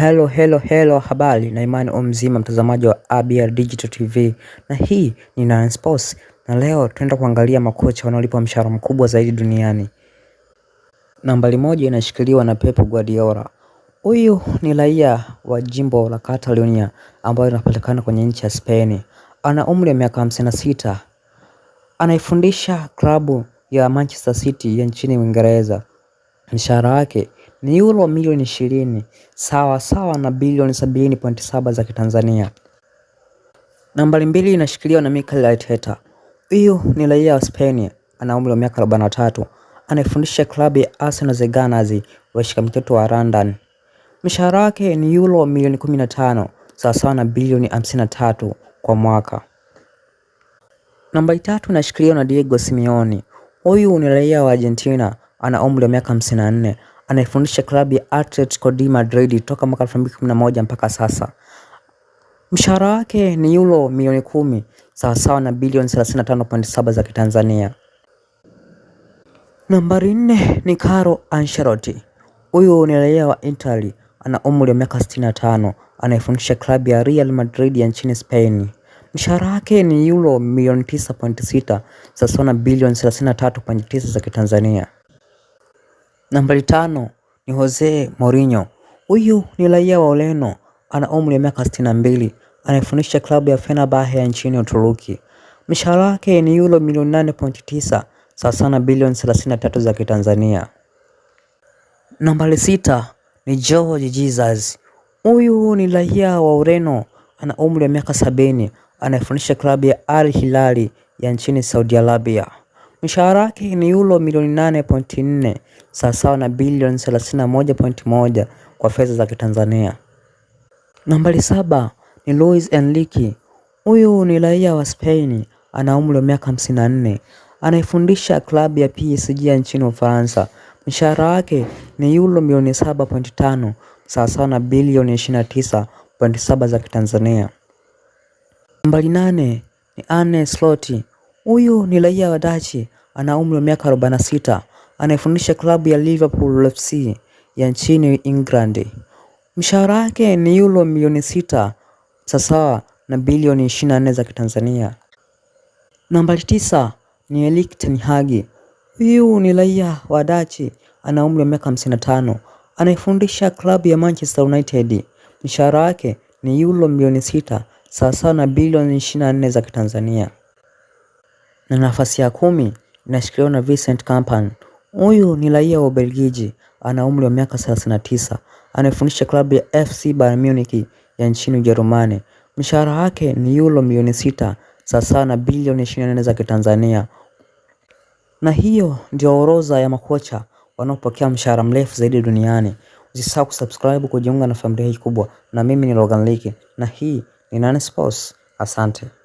Hello, hello, hello, habari na imani mzima mtazamaji wa ABR Digital TV, na hii ni Nine Sports, na leo tunaenda kuangalia makocha wanaolipwa mshahara mkubwa zaidi duniani. Nambari moja inashikiliwa na Pep Guardiola. Huyu ni raia wa jimbo la Catalonia ambayo inapatikana kwenye nchi ya Spain. Ana umri wa miaka sita Anaifundisha klabu ya Manchester City ya nchini Uingereza. Mshahara wake ni euro milioni ishirini sawa sawa na bilioni sabini pointi saba za Kitanzania. Nambari mbili inashikiliwa na Mikel Arteta. Huyu ni raia wa Spain, ana umri wa miaka arobaini na tatu anayefundisha klabu ya Arsenal ze Gunners, washika mtoto wa London. Mshahara wake ni euro milioni kumi na 15 sawasawa na bilioni hamsini na tatu kwa mwaka. Nambari tatu inashikiliwa na Diego Simeone. Huyu ni raia wa Argentina, ana umri wa miaka hamsini na nne anayefundisha klabu ya Atletico de Madrid toka mwaka 2011 mpaka sasa. Mshahara wake ni euro milioni kumi sawasawa na bilioni 35.7 za Kitanzania. Nambari nne ni Carlo Ancelotti. Huyu ni raia wa Italy, ana umri wa miaka 65, anayefundisha klabu ya Real Madrid ya nchini Spain. Mshahara wake ni euro milioni 9.6 sawa na bilioni 33.9 za Kitanzania. Nambari tano ni Jose Mourinho. Huyu ni raia wa Ureno, ana umri wa miaka mbili, anayefundisha klabu ya Fenerbahce ya nchini Uturuki. Mshahara wake ni euro milioni 8.9 sawa sana bilioni 33 za Kitanzania. Nambari sita ni George Jesus. Huyu ni raia wa Ureno, ana umri wa miaka sabini, anayefundisha klabu ya Al Hilali ya nchini Saudi Arabia. Mshahara wake ni euro milioni 8.4 sawasawa na bilioni 31.1 kwa fedha za Kitanzania. Nambari saba ni Luis Enrique. Huyu ni raia wa Spain, ana umri wa miaka 54, anaifundisha klabu ya PSG ya nchini Ufaransa. Mshahara wake ni euro milioni 7.5 sawasawa na bilioni 29.7 za Kitanzania. Nambari nane ni Arne Slot. Huyu ni raia wa Dachi, ana umri wa miaka 46, anayefundisha klabu ya Liverpool FC ya nchini England. Mshahara wake ni euro milioni sita sawa na bilioni 24 za Kitanzania. Nambari tisa ni Erik ten Hag. Huyu ni raia wa Dachi, ana umri wa miaka 55, anayefundisha klabu ya Manchester United. Mshahara wake ni euro milioni sita sawa na bilioni 24 za Kitanzania. Na nafasi ya kumi inashikiliwa na Vincent Kompany. Huyu ni raia wa Ubelgiji, ana umri wa miaka 39, anayefundisha klabu ya FC Bayern Munich ya nchini Ujerumani. Mshahara wake ni euro milioni sita, sawasawa na bilioni 24 za Kitanzania. Na hiyo ndio orodha ya makocha wanaopokea mshahara mrefu zaidi duniani. Usisahau kusubscribe kujiunga na familia hii kubwa, na mimi ni Logan Lake na hii ni Nani Sports. Asante.